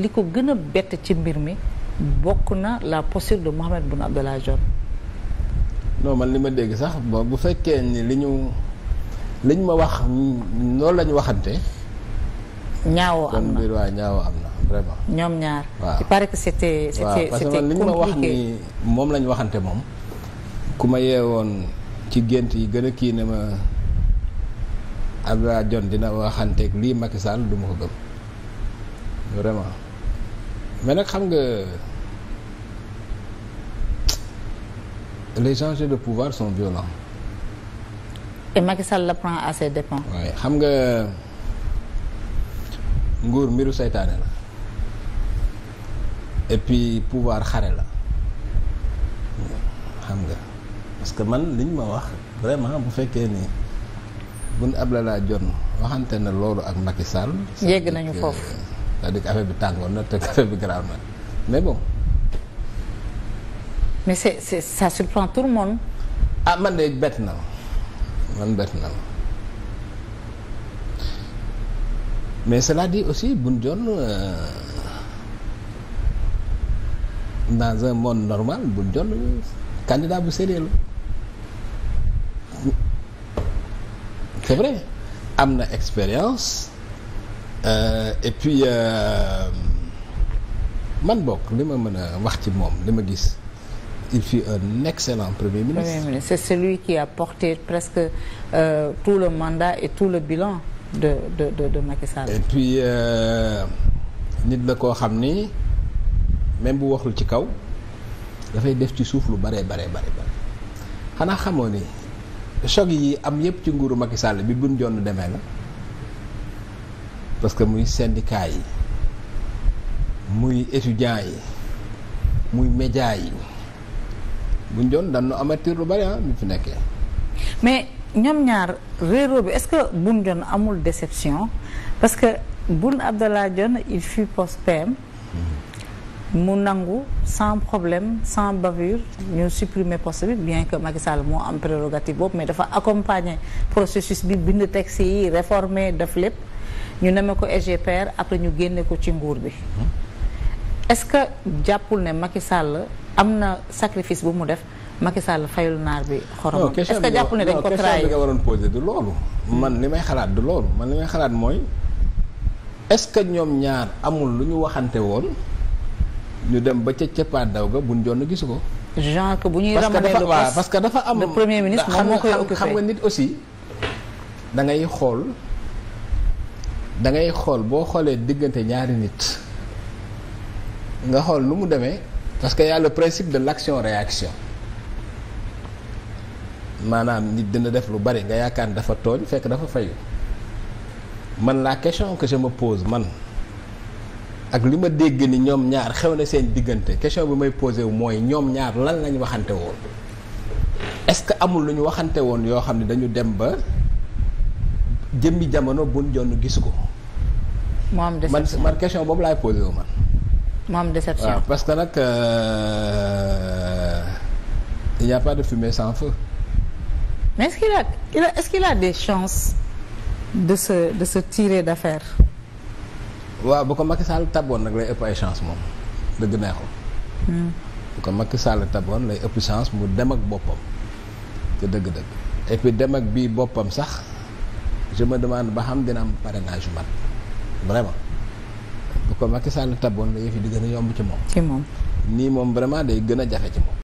li ko gën a bett ci mbir mi bokk na la posture de Mohamed Boun Abdallah Dionne non man li ma dégg sax bon bu fekkee ni li ñu li ñu ma wax loolu la waxante ñaawoo am na waaw na ñoom ñaar waaw il paraît que c'était c'était parce que li ñu ma wax ni moom la waxante moom ku ma yeewoon ci gént yi gën a kii ne ma Abdallah Dionne dina waxanteeg lii Macky Sall du ma ko gëm mais nag xam nga les enjeux de pouvoir son violents. et Macky Sall la prend à ses dépens. waaye xam nga nguur mbiru seytaane la et puis pouvoir xare la xam nga parce que man liñ ma wax vraiment bu fekkee ni buñ Abdallah Dionne waxante na loolu ak Macky Sall. nañu foofu. c'est-à-dire affaire bi tàngoon na te affaire bi grave na mais bon. mais c'est c'est ça surprend tout le monde. ah man de bett na man bett na mais cela dit aussi Boun Dionne euh, dans un monde normal Boun Dionne candidat bu sérieux la c'est vrai am na expérience. Euh, et puis euh, man bokk li ma mën a wax ci moom li ma gis il fut un excellent premier ministre. premier ministre c'est celui qui a porté presque euh, tout le mandat et tout le bilan de de de de Macky Sall. et puis euh, nit la koo xam ni même bu waxul ci kaw dafay def ci suuf lu bare bare bare xanaa xamoo ni choc yi am yépp ci nguuru Macky Sall bi buñ jonn demee la. parce que muy syndicat yi muy étudiant yi muy média yi buñ doon dañu amatir lu bari ah ñu nekkee. mais ñoom ñaar réeróo bi est-ce que Boun Dionne amul déception parce que bun Abdallah Dionne il fut poste PM mm-hmm. mu nangu sans problème sans bavure ñu supprimer poste bi bien que Macky Sall moo am prérogative boobu mais dafa accompagner processus bi bind texte yi réformer def lépp. ñu neme ko EGPR après ñu génne ko ci nguur bi est-ce que jàppul ne Macky Sall am na sacrifice bu mu def Macky Sall fayul naar bi xorom est-ce que jàppul ne dañ ko trahi nga waroon posé du loolu man li may xalaat du loolu man li may xalaat mooy est-ce que ñoom ñaar amul lu ñu waxante woon ñu dem ba ca cëppaat daw ga buñ jonn gisu ko genre que bu ñuy ramener le poste parce que dafa am le premier ministre moom moo koy occupé xam nga nit aussi da ngay xool da ngay xool boo xoolee diggante ñaari nit nga xool lu mu demee parce que y a le principe de l'action réaction maanaam nit dina def lu bari nga yaakaar ne dafa tooñ fekk dafa fayu man laa question que je me pose man ak li ma dégg ni ñoom ñaar xew na seen diggante question bi may posé wu mooy ñoom ñaar lan lañ waxante woon est-ce que amul lu ñu waxante woon yoo xam ne dañu dem ba jëmmi jamono bun jonn gisu ko. moo am déception man man question boobu laay posé wu man. moo am déception waaw parce que nag euh, il n'y a pas de fumée mais est-ce qu'il a, des chances de se de se tirer d'affaire. waaw bu ko Macky Sall taboon nag lay ëpp ay chance moom dëgg neexul. Hmm. bu ko Macky Sall taboon lay ëpp chance mu dem ak boppam te dëgg-dëgg. et dem ak bii boppam sax. je me demande ba xam dina am parrainage yu mat vraiment bu ak Macky Sall taboon la yëf di gën a yomb ci moom. ci moom nii moom vraiment day gën a jafe ci moom.